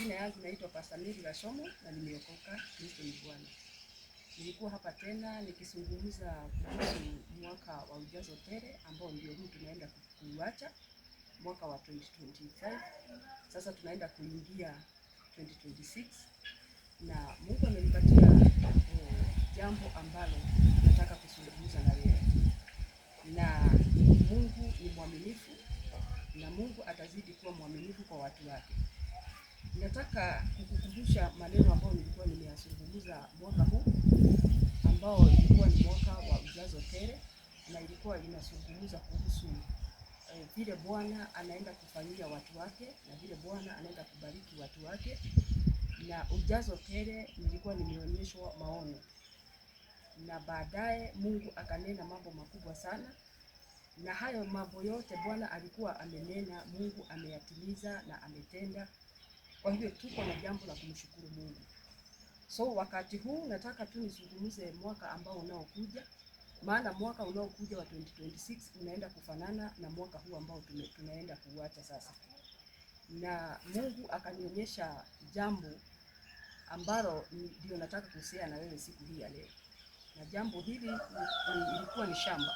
Majina yangu naitwa Pastor Mary Gachomo na nimeokoka, Kristo ni Bwana. Nilikuwa hapa tena nikizungumza kuhusu mwaka wa ujazo tele ambao ndio huu tunaenda kuuacha mwaka wa 2025. Sasa tunaenda kuingia 2026 na Mungu amenipatia eh, jambo ambalo nataka kuzungumza na wewe, na Mungu ni mwaminifu na Mungu atazidi kuwa mwaminifu kwa watu wake. Nataka kukukumbusha maneno ambayo nilikuwa nimeyazungumza mwaka huu ambao ilikuwa ni mwaka wa ujazo tele, na ilikuwa inazungumza kuhusu eh, vile Bwana anaenda kufanyia watu wake na vile Bwana anaenda kubariki watu wake. Na ujazo tele nilikuwa nimeonyeshwa maono, na baadaye Mungu akanena mambo makubwa sana, na hayo mambo yote Bwana alikuwa amenena, Mungu ameyatimiza na ametenda. Kwa hivyo tuko na jambo la kumshukuru Mungu. So wakati huu nataka tu nizungumze mwaka ambao unaokuja, maana mwaka unaokuja wa 2026 unaenda kufanana na mwaka huu ambao tume, tunaenda kuuacha sasa. Na Mungu akanionyesha jambo ambalo ndio nataka kusea na wewe siku hii ya leo, na jambo hili ilikuwa ni shamba,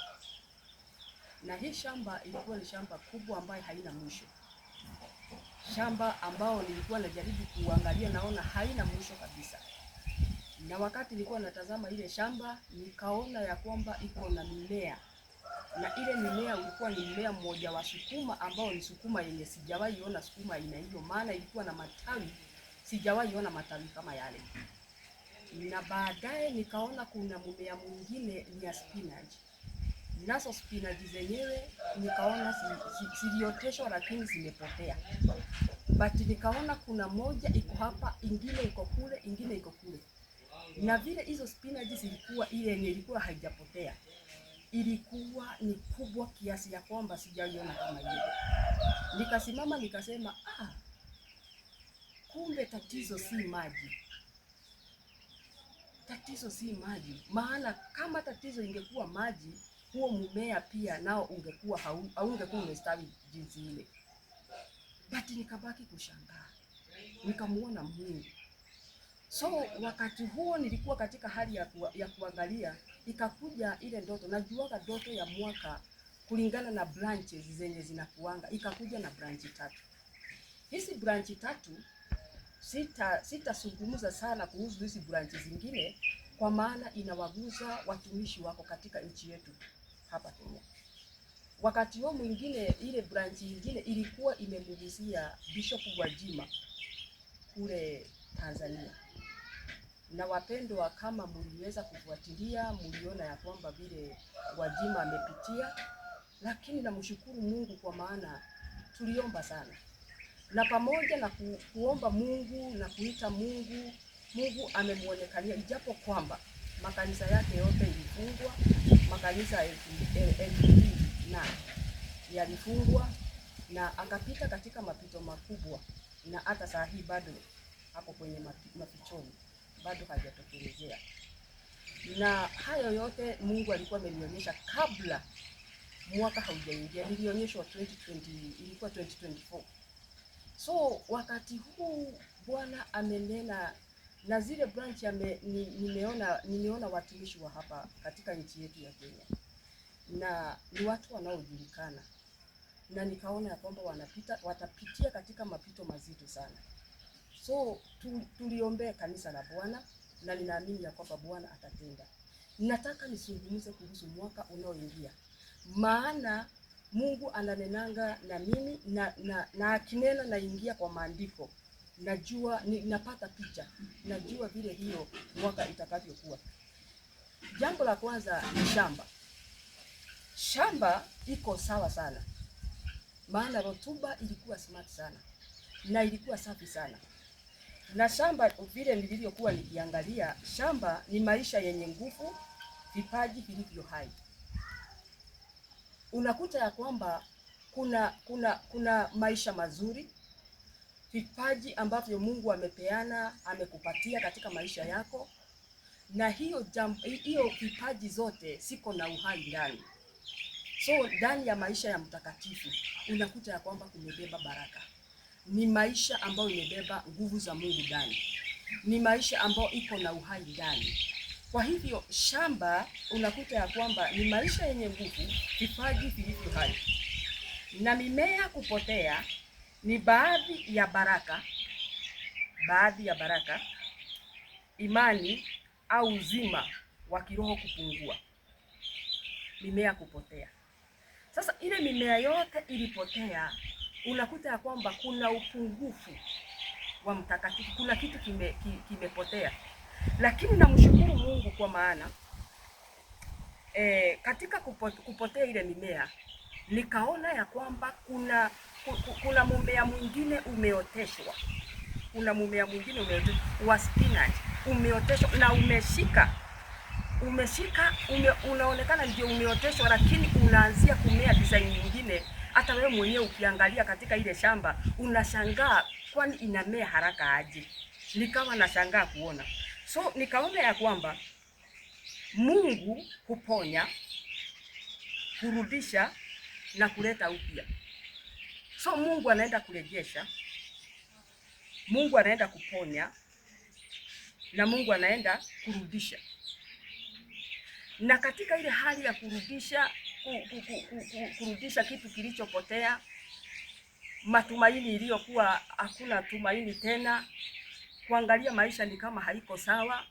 na hii shamba ilikuwa ni shamba kubwa ambayo haina mwisho shamba ambao nilikuwa najaribu kuangalia, naona haina mwisho kabisa. Na wakati nilikuwa natazama ile shamba, nikaona ya kwamba iko na mimea, na ile mimea ulikuwa ni mmea mmoja wa sukuma ambao ni sukuma yenye sijawahi ona sukuma aina hiyo, maana ilikuwa na matawi, sijawahi ona matawi kama yale. Na baadaye nikaona kuna mmea mwingine ni ya spinach Nazo spinaji zenyewe nikaona zilioteshwa, lakini zimepotea, but nikaona kuna moja iko hapa, ingine iko kule, ingine iko kule, na vile hizo spinaji zilikuwa, ile yenye ilikuwa haijapotea ilikuwa ni kubwa kiasi ya kwamba sijaiona kama hiyo. Nikasimama nikasema, ah, kumbe tatizo si maji, tatizo si maji. Maana kama tatizo ingekuwa maji huo mmea pia nao ungekuwa haungekuwa umestawi jinsi ile. But nikabaki kushangaa, nikamuona Mungu. So wakati huo nilikuwa katika hali ya, ku, ya kuangalia, ikakuja ile ndoto. Najuaga ndoto ya mwaka kulingana na branches zenye zinakuanga, ikakuja na branchi tatu. Hizi branchi tatu sita sitazungumza sana kuhusu hizi branchi zingine, kwa maana inawagusa watumishi wako katika nchi yetu hapa Kenya. Wakati huo mwingine, ile branch nyingine ilikuwa imemulizia Bishop Gwajima kule Tanzania. Na wapendwa, kama mliweza kufuatilia, mliona ya kwamba vile Gwajima amepitia, lakini namshukuru Mungu kwa maana tuliomba sana, na pamoja na ku, kuomba Mungu na kuita Mungu, Mungu amemwonekania, ijapo kwamba makanisa yake yote yalifungwa, makanisa elfu na yalifungwa, na akapita katika mapito makubwa, na hata saa hii bado hapo kwenye mapichoni, bado hajatokelezea. Na hayo yote Mungu alikuwa amenionyesha kabla mwaka haujaingia, nilionyeshwa 2020 ilikuwa 2024. So wakati huu Bwana amenena na zile branch me, ni, nimeona nimeona watumishi wa hapa katika nchi yetu ya Kenya, na ni watu wanaojulikana, na nikaona ya kwamba wanapita watapitia katika mapito mazito sana, so tu, tuliombee kanisa la Bwana na ninaamini ya kwamba Bwana atatenda. Nataka nisungumze kuhusu mwaka unaoingia, maana Mungu ananenanga na mimi na, na, na akinena naingia kwa maandiko najua ni, napata picha, najua vile hiyo mwaka itakavyokuwa. Jambo la kwanza ni shamba. Shamba iko sawa sana, maana rotuba ilikuwa smart sana na ilikuwa safi sana, na shamba vile nilivyokuwa nikiangalia, shamba ni maisha yenye nguvu, vipaji vilivyo hai. Unakuta ya kwamba kuna kuna kuna maisha mazuri vipaji ambavyo Mungu amepeana amekupatia katika maisha yako, na hiyo hiyo vipaji zote siko na uhai ndani. So ndani ya maisha ya mtakatifu unakuta ya kwamba kumebeba baraka, ni maisha ambayo imebeba nguvu za Mungu ndani, ni maisha ambayo iko na uhai ndani. Kwa hivyo shamba unakuta ya kwamba ni maisha yenye nguvu, vipaji vilivyo hai, na mimea kupotea ni baadhi ya baraka, baadhi ya baraka, imani au uzima wa kiroho kupungua, mimea kupotea. Sasa ile mimea yote ilipotea, unakuta ya kwamba kuna upungufu wa mtakatifu, kuna kitu kime, kimepotea, lakini namshukuru Mungu kwa maana e, katika kupotea ile mimea nikaona ya kwamba kuna kuna mumea mwingine umeoteshwa, kuna mumea mwingine umeoteshwa wa spinach umeoteshwa na umeshika umeshika ume, unaonekana ndio umeoteshwa, lakini unaanzia kumea design nyingine. Hata wewe mwenyewe ukiangalia katika ile shamba unashangaa, kwani inamea haraka aje? Nikawa nashangaa kuona, so nikaona ya kwamba Mungu huponya, kurudisha na kuleta upya. So Mungu anaenda kurejesha, Mungu anaenda kuponya na Mungu anaenda kurudisha. Na katika ile hali ya kurudisha, kurudisha kitu kilichopotea, matumaini iliyokuwa hakuna tumaini tena, kuangalia maisha ni kama haiko sawa,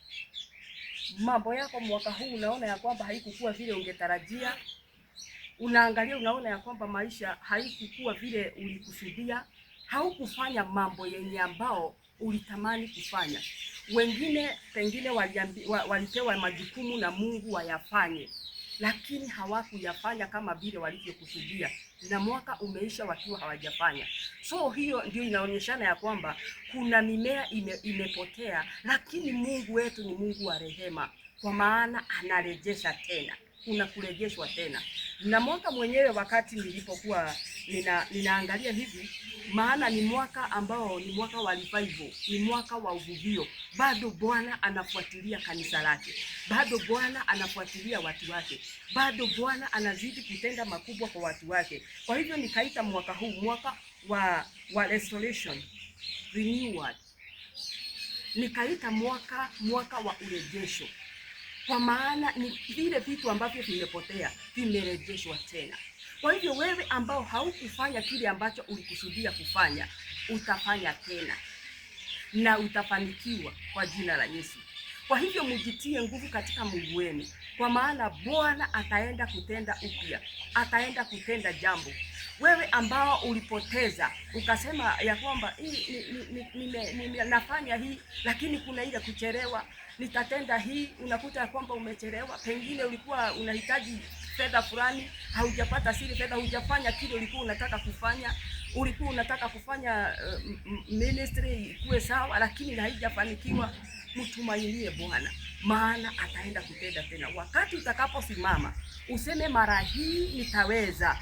mambo yako mwaka huu unaona ya kwamba haikukua vile ungetarajia unaangalia unaona ya kwamba maisha haikukuwa vile ulikusudia, haukufanya mambo yenye ambao ulitamani kufanya. Wengine pengine walipewa majukumu na Mungu wayafanye, lakini hawakuyafanya kama vile walivyokusudia, na mwaka umeisha wakiwa hawajafanya. So hiyo ndio inaonyeshana ya kwamba kuna mimea ime, imepotea, lakini Mungu wetu ni Mungu wa rehema, kwa maana anarejesha tena kuna kurejeshwa tena. Na mwaka mwenyewe wakati nilipokuwa nina, ninaangalia hivi, maana ni mwaka ambao ni mwaka wa revival, ni mwaka wa uvuvio. Bado Bwana anafuatilia kanisa lake, bado Bwana anafuatilia watu wake, bado Bwana anazidi kutenda makubwa kwa watu wake. Kwa hivyo nikaita mwaka huu mwaka wa, wa restoration renewal, nikaita mwaka mwaka wa urejesho kwa maana ni vile vitu ambavyo vimepotea vimerejeshwa tena. Kwa hivyo wewe ambao haukufanya kile ambacho ulikusudia kufanya, utafanya tena na utafanikiwa kwa jina la Yesu. Kwa hivyo mujitie nguvu katika Mungu wenu, kwa maana Bwana ataenda kutenda upya, ataenda kutenda jambo. Wewe ambao ulipoteza ukasema ya kwamba hii nafanya hii, lakini kuna ile kucherewa, nitatenda hii, unakuta ya kwamba umechelewa, pengine ulikuwa unahitaji fedha fulani, haujapata siri fedha, hujafanya kile ulikuwa unataka kufanya, ulikuwa unataka kufanya uh, ministry ikuwe sawa, lakini haijafanikiwa. Mtumainie Bwana, maana ataenda kutenda tena. Wakati utakaposimama useme, mara hii nitaweza,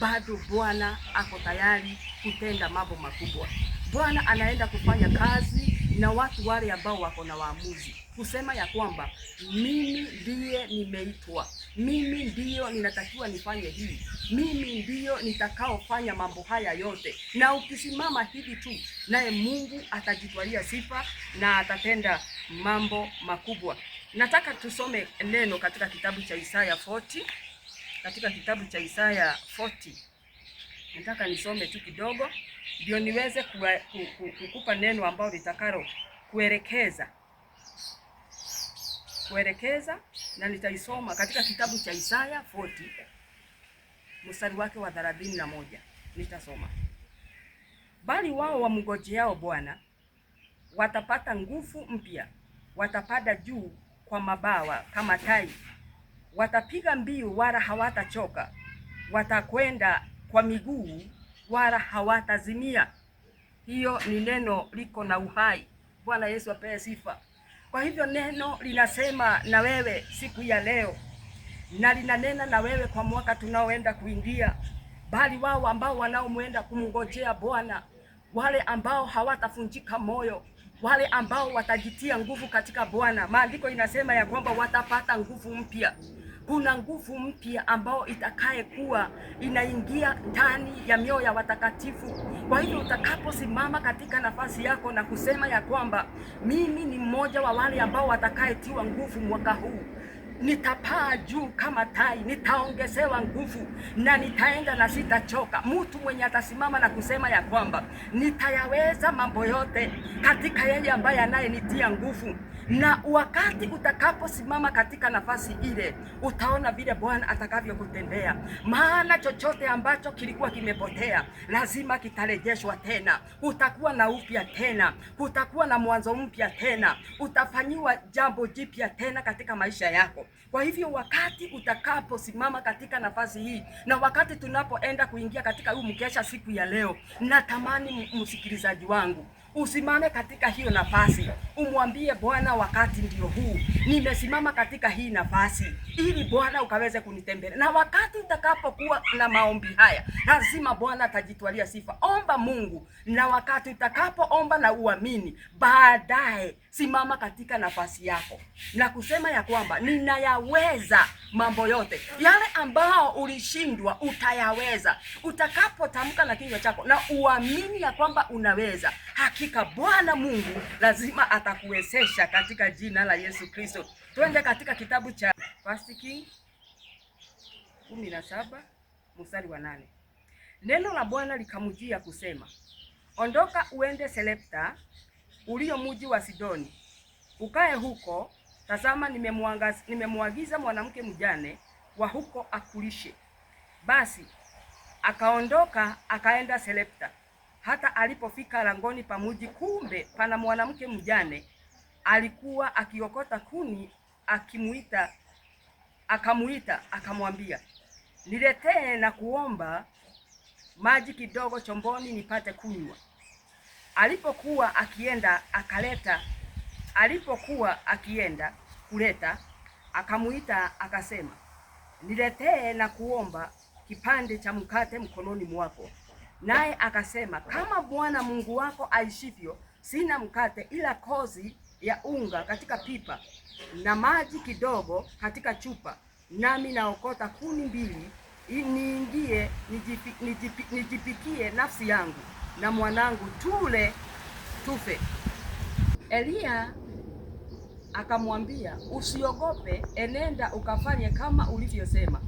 bado Bwana ako tayari kutenda mambo makubwa. Bwana anaenda kufanya kazi na watu wale ambao wako na waamuzi kusema ya kwamba mimi ndiye nimeitwa, mimi ndiyo ninatakiwa nifanye hii, mimi ndiyo nitakaofanya mambo haya yote. Na ukisimama hivi tu, naye Mungu atajitwalia sifa na atatenda mambo makubwa. Nataka tusome neno katika kitabu cha Isaya 40, katika kitabu cha Isaya 40. Nataka nisome tu kidogo ndio niweze kukupa neno ambalo litakalo kuelekeza kuelekeza na nitaisoma katika kitabu cha Isaya 40 mstari wake wa na moja nitasoma, bali wao wamngojeao Bwana watapata nguvu mpya, watapada juu kwa mabawa kama tai, watapiga mbiu wala hawatachoka, watakwenda kwa miguu wala hawatazimia. Hiyo ni neno liko na uhai. Bwana Yesu apewe sifa. Kwa hivyo neno linasema na wewe siku ya leo, na linanena na wewe kwa mwaka tunaoenda kuingia, bali wao ambao wanaomwenda kumngojea Bwana, wale ambao hawatafunjika moyo, wale ambao watajitia nguvu katika Bwana. Maandiko inasema ya kwamba watapata nguvu mpya kuna nguvu mpya ambayo itakayekuwa inaingia ndani ya mioyo ya watakatifu. Kwa hivyo utakaposimama katika nafasi yako na kusema ya kwamba mimi ni mmoja wa wale ambao watakayetiwa nguvu mwaka huu nitapaa juu kama tai, nitaongezewa nguvu na nitaenda na sitachoka. Mtu mwenye atasimama na kusema ya kwamba nitayaweza mambo yote katika yeye ambaye anayenitia nguvu, na wakati utakaposimama katika nafasi ile, utaona vile Bwana atakavyokutendea. Maana chochote ambacho kilikuwa kimepotea lazima kitarejeshwa tena. Utakuwa na upya tena, utakuwa na mwanzo mpya tena, utafanyiwa jambo jipya tena katika maisha yako. Kwa hivyo wakati utakaposimama katika nafasi hii na wakati tunapoenda kuingia katika huu mkesha siku ya leo, natamani msikilizaji wangu Usimame katika hiyo nafasi, umwambie Bwana, wakati ndio huu, nimesimama katika hii nafasi ili Bwana ukaweze kunitembelea. Na wakati utakapokuwa na maombi haya, lazima Bwana atajitwalia sifa. Omba Mungu, na wakati utakapoomba na uamini, baadaye simama katika nafasi yako na kusema ya kwamba ninayaweza mambo yote yale ambao ulishindwa, utayaweza utakapotamka na kinywa chako na uamini ya kwamba unaweza haki hakika Bwana Mungu lazima atakuwezesha katika jina la Yesu Kristo. Twende katika kitabu cha First King 17 mstari wa nane. Neno la Bwana likamjia kusema, ondoka uende Selepta ulio mji wa Sidoni, ukae huko. Tazama, nimemwagiza mwanamke mjane wa huko akulishe. Basi akaondoka akaenda Selepta. Hata alipofika langoni pa mji, kumbe pana mwanamke mjane alikuwa akiokota kuni, akimuita akamuita akamwambia, niletee na kuomba maji kidogo chomboni nipate kunywa. Alipokuwa akienda akaleta, alipokuwa akienda kuleta, akamuita akasema, niletee na kuomba kipande cha mkate mkononi mwako naye akasema, kama Bwana Mungu wako aishivyo, sina mkate ila kozi ya unga katika pipa na maji kidogo katika chupa, nami naokota kuni mbili, niingie nijipi, nijipi, nijipikie nafsi yangu na mwanangu tule tufe. Eliya akamwambia, usiogope, enenda ukafanye kama ulivyosema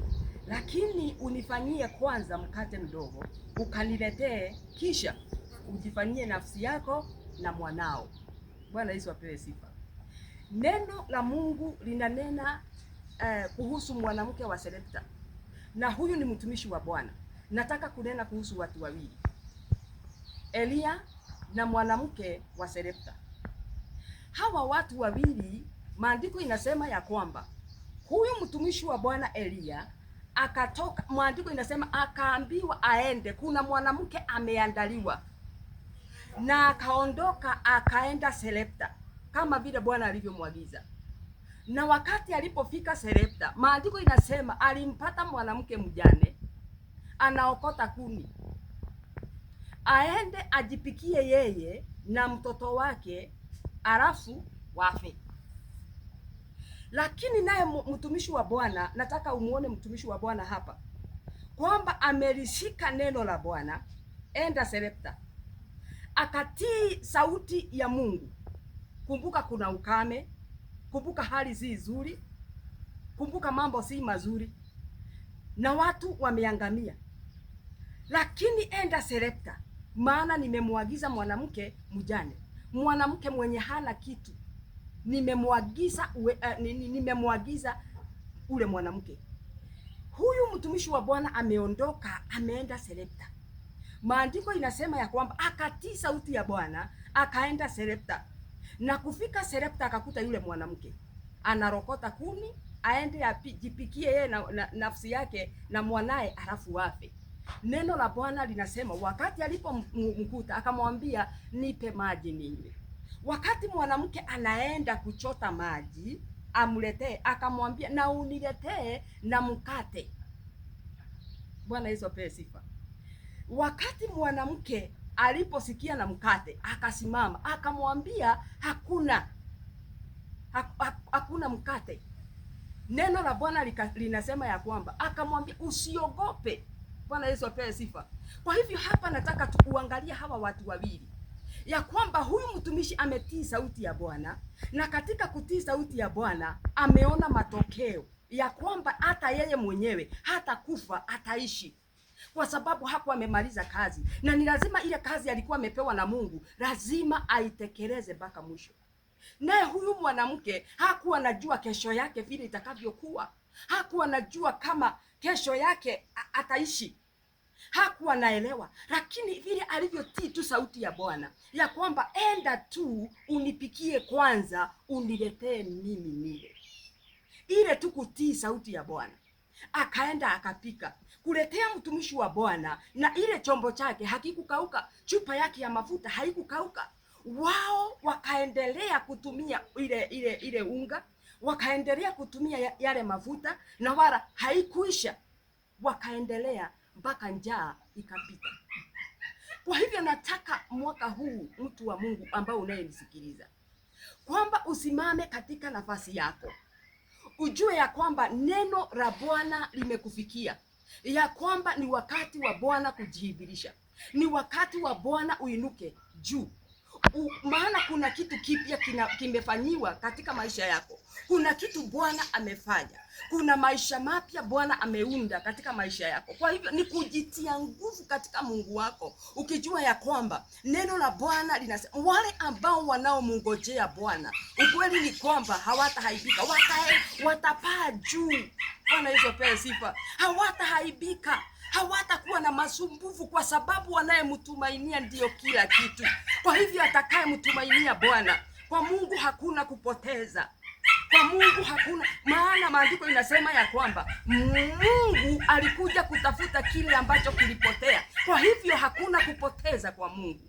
lakini unifanyie kwanza mkate mdogo ukaniletee, kisha ujifanyie nafsi yako na mwanao. Bwana Yesu apewe sifa. Neno la Mungu linanena eh, kuhusu mwanamke wa serepta na huyu ni mtumishi wa Bwana. Nataka kunena kuhusu watu wawili, Eliya na mwanamke wa serepta Hawa watu wawili, maandiko inasema ya kwamba huyu mtumishi wa Bwana Eliya akatoka. mwandiko inasema akaambiwa aende, kuna mwanamke ameandaliwa, na akaondoka akaenda Selepta kama vile Bwana alivyomwagiza. Na wakati alipofika Selepta, maandiko inasema alimpata mwanamke mjane anaokota kuni, aende ajipikie yeye na mtoto wake, alafu wafe. Lakini naye mtumishi wa Bwana, nataka umuone mtumishi wa Bwana hapa kwamba amelishika neno la Bwana, enda selepta akatii sauti ya Mungu. Kumbuka kuna ukame, kumbuka hali si nzuri, kumbuka mambo si mazuri na watu wameangamia, lakini enda selepta maana nimemwagiza mwanamke mjane, mwanamke mwenye hana kitu nimemwagiza uh, nimemwagiza ule mwanamke huyu mtumishi wa Bwana ameondoka, ameenda Sarepta. Maandiko inasema ya kwamba akatii sauti ya Bwana akaenda Sarepta, na kufika Sarepta akakuta yule mwanamke anarokota kuni aende ajipikie yeye na, na, nafsi yake na mwanaye halafu afe. Neno la Bwana linasema wakati alipomkuta akamwambia, nipe maji ninywe. Wakati mwanamke anaenda kuchota maji, amletee, akamwambia na uniletee na mkate. Bwana Yesu apewe sifa. Wakati mwanamke aliposikia na mkate, akasimama akamwambia, hakuna hakuna mkate. Neno la Bwana linasema ya kwamba akamwambia, usiogope. Bwana Yesu apewe sifa. Kwa hivyo hapa nataka tukuangalia hawa watu wawili ya kwamba huyu mtumishi ametii sauti ya Bwana, na katika kutii sauti ya Bwana ameona matokeo ya kwamba hata yeye mwenyewe hata kufa ataishi, kwa sababu hapo amemaliza kazi, na ni lazima ile kazi alikuwa amepewa na Mungu lazima aitekeleze mpaka mwisho. Naye huyu mwanamke hakuwa anajua kesho yake vile itakavyokuwa, hakuwa anajua kama kesho yake ataishi hakuwa naelewa, lakini vile alivyotii tu sauti ya Bwana ya kwamba enda tu unipikie kwanza, uniletee mimi nile, ile tu kutii sauti ya Bwana. Akaenda akapika kuletea mtumishi wa Bwana, na ile chombo chake hakikukauka, chupa yake ya mafuta haikukauka. Wao wakaendelea kutumia ile ile ile unga, wakaendelea kutumia yale mafuta na wala haikuisha, wakaendelea mpaka njaa ikapita. Kwa hivyo nataka mwaka huu, mtu wa Mungu ambao unayenisikiliza, kwamba usimame katika nafasi yako, ujue ya kwamba neno la Bwana limekufikia, ya kwamba ni wakati wa Bwana kujihidhirisha ni wakati wa Bwana uinuke juu u, maana kuna kitu kipya kimefanyiwa katika maisha yako. Kuna kitu Bwana amefanya, kuna maisha mapya Bwana ameunda katika maisha yako. Kwa hivyo ni kujitia nguvu katika Mungu wako, ukijua ya kwamba neno la Bwana linasema wale ambao wanaomngojea Bwana, ukweli ni kwamba hawatahaibika, watapaa juu. Bwana Yesu apewe sifa, hawatahaibika hawatakuwa na masumbufu, kwa sababu wanayemtumainia ndiyo kila kitu. Kwa hivyo atakayemtumainia Bwana, kwa Mungu hakuna kupoteza kwa Mungu hakuna maana. Maandiko inasema ya kwamba Mungu alikuja kutafuta kile ambacho kilipotea. Kwa hivyo hakuna kupoteza kwa Mungu.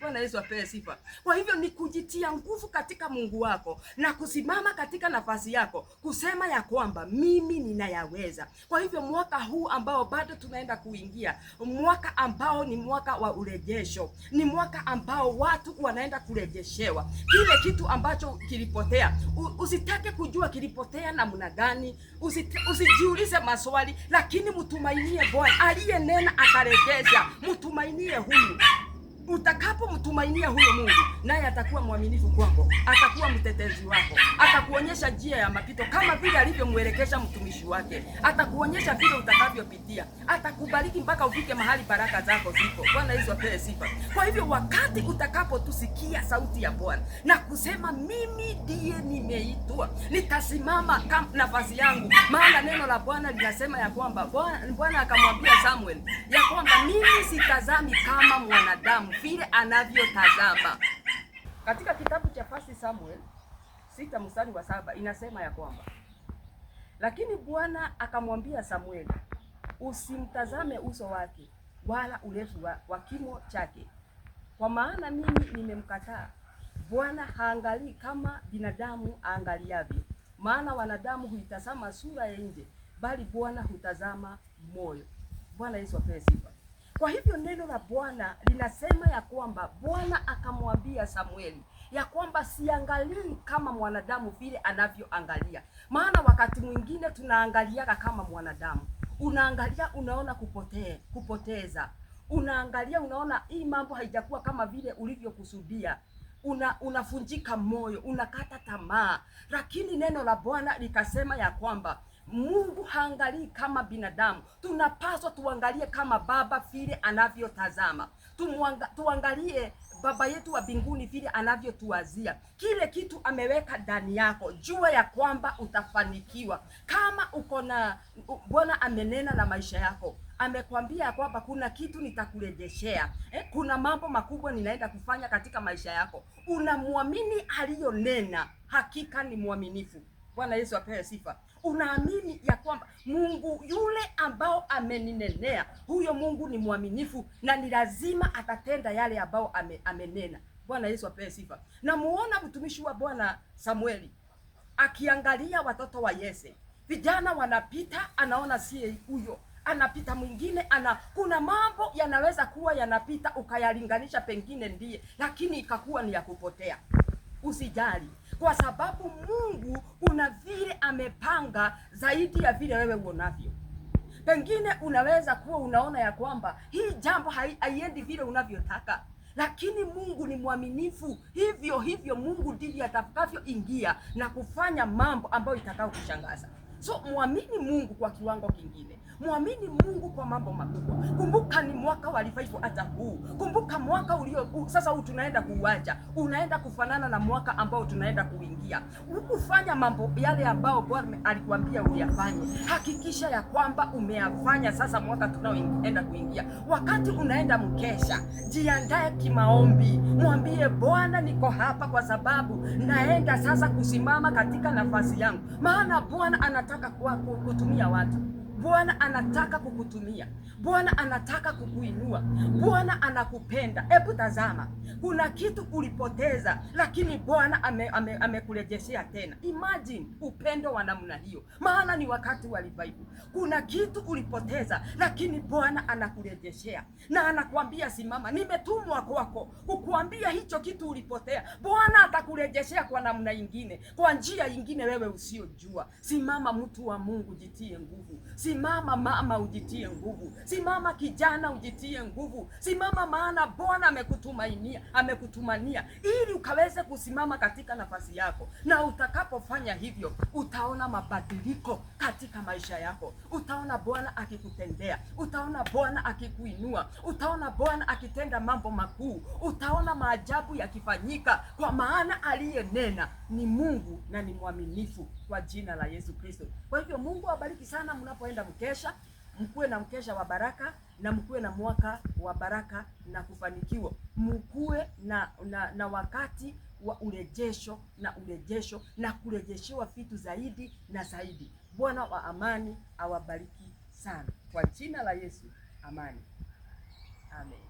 Bwana Yesu apewe sifa. Kwa hivyo ni kujitia nguvu katika Mungu wako na kusimama katika nafasi yako kusema ya kwamba mimi ninayaweza. Kwa hivyo mwaka huu ambao bado tunaenda kuingia, mwaka ambao ni mwaka wa urejesho, ni mwaka ambao watu wanaenda kurejeshewa kile kitu ambacho kilipotea. Usitake kujua kilipotea namna gani, usijiulize maswali, lakini mtumainie Bwana aliyenena akarejesha. Mtumainie huyu Utakapomtumainia huyo Mungu, naye atakuwa mwaminifu kwako, atakuwa mtetezi wako, atakuonyesha njia ya mapito kama vile alivyomwelekesha mtumishi wake, atakuonyesha vile utakavyopitia, atakubariki mpaka ufike mahali baraka zako ziko. Bwana Yesu apewe sifa. Kwa hivyo, wakati utakapotusikia sauti ya Bwana na kusema mimi ndiye nimeitwa, nitasimama nafasi yangu, maana neno la Bwana linasema ya kwamba Bwana akamwambia Samuel ya kwamba mimi sitazami kama mwanadamu vile anavyotazama katika kitabu cha First Samuel sita mstari wa saba inasema ya kwamba lakini Bwana akamwambia Samueli, usimtazame uso wake wala urefu wa, wa kimo chake, kwa maana mimi nimemkataa. Bwana haangalii kama binadamu aangaliavyo, maana wanadamu huitazama sura ya nje, bali Bwana hutazama moyo. Bwana Yesu apewe sifa. Kwa hivyo neno la Bwana linasema ya kwamba Bwana akamwambia Samueli ya kwamba siangalii kama mwanadamu vile anavyoangalia. Maana wakati mwingine tunaangaliaga kama mwanadamu, unaangalia unaona kupotee, kupoteza, unaangalia unaona hii mambo haijakuwa kama vile ulivyokusudia una unafunjika moyo, unakata tamaa, lakini neno la Bwana likasema ya kwamba Mungu haangalii kama binadamu, tunapaswa tuangalie kama baba vile anavyotazama, tuangalie baba yetu wa binguni vile anavyotuazia. Kile kitu ameweka ndani yako, jua ya kwamba utafanikiwa. Kama uko na Bwana amenena na maisha yako, amekwambia ya kwamba kuna kitu nitakurejeshea eh, kuna mambo makubwa ninaenda kufanya katika maisha yako. Unamwamini aliyonena, hakika ni mwaminifu. Bwana Yesu apewe sifa. Unaamini ya kwamba Mungu yule ambao ameninenea, huyo Mungu ni mwaminifu na ni lazima atatenda yale ambao ame, amenena. Bwana Yesu apewe sifa. Namuona mtumishi wa Bwana Samueli akiangalia watoto wa Yese, vijana wanapita, anaona sie huyo anapita mwingine ana, kuna mambo yanaweza kuwa yanapita ukayalinganisha, pengine ndiye, lakini ikakuwa ni ya kupotea. Usijali kwa sababu Mungu kuna vile amepanga zaidi ya vile wewe uonavyo. Pengine unaweza kuwa unaona ya kwamba hii jambo haiendi vile unavyotaka, lakini Mungu ni mwaminifu. Hivyo hivyo Mungu ndivyo atakavyoingia na kufanya mambo ambayo itakao kushangaza. So muamini Mungu kwa kiwango kingine. Mwamini Mungu kwa mambo makubwa. Kumbuka ni mwaka wa revival hata huu. Kumbuka mwaka ulio sasa huu tunaenda kuuacha, unaenda kufanana na mwaka ambao tunaenda kuingia. Ukufanya mambo yale ambao Bwana alikuambia uyafanye, hakikisha ya kwamba umeyafanya. Sasa mwaka tunaoenda kuingia, wakati unaenda mkesha, jiandae kimaombi, mwambie Bwana, niko hapa kwa sababu naenda sasa kusimama katika nafasi yangu, maana Bwana anataka kwa kutumia watu Bwana anataka kukutumia, Bwana anataka kukuinua, Bwana anakupenda. Hebu tazama, kuna kitu ulipoteza, lakini Bwana amekurejeshea ame, ame tena. Imagine upendo wa namna hiyo, maana ni wakati wa revival. Kuna kitu ulipoteza, lakini Bwana anakurejeshea na anakuambia simama, nimetumwa kwako kukuambia hicho kitu ulipotea. Bwana atakurejeshea kwa namna ingine, kwa njia ingine wewe usiyojua. Simama mtu wa Mungu, jitie nguvu. Simama mama, ujitie nguvu. Simama kijana, ujitie nguvu. Simama, maana Bwana amekutumainia, amekutumania ili ukaweze kusimama katika nafasi yako, na utakapofanya hivyo utaona mabadiliko katika maisha yako. Utaona Bwana akikutendea, utaona Bwana akikuinua, utaona Bwana akitenda mambo makuu, utaona maajabu yakifanyika, kwa maana aliyenena ni Mungu na ni mwaminifu kwa jina la Yesu Kristo. Kwa hivyo Mungu awabariki sana mnapoenda mkesha, mkuwe na mkesha wa baraka na mkuwe na mwaka wa baraka na kufanikiwa, mkuwe na, na, na wakati wa urejesho na urejesho na kurejeshewa vitu zaidi na zaidi. Bwana wa amani awabariki sana kwa jina la Yesu. Amani, amen.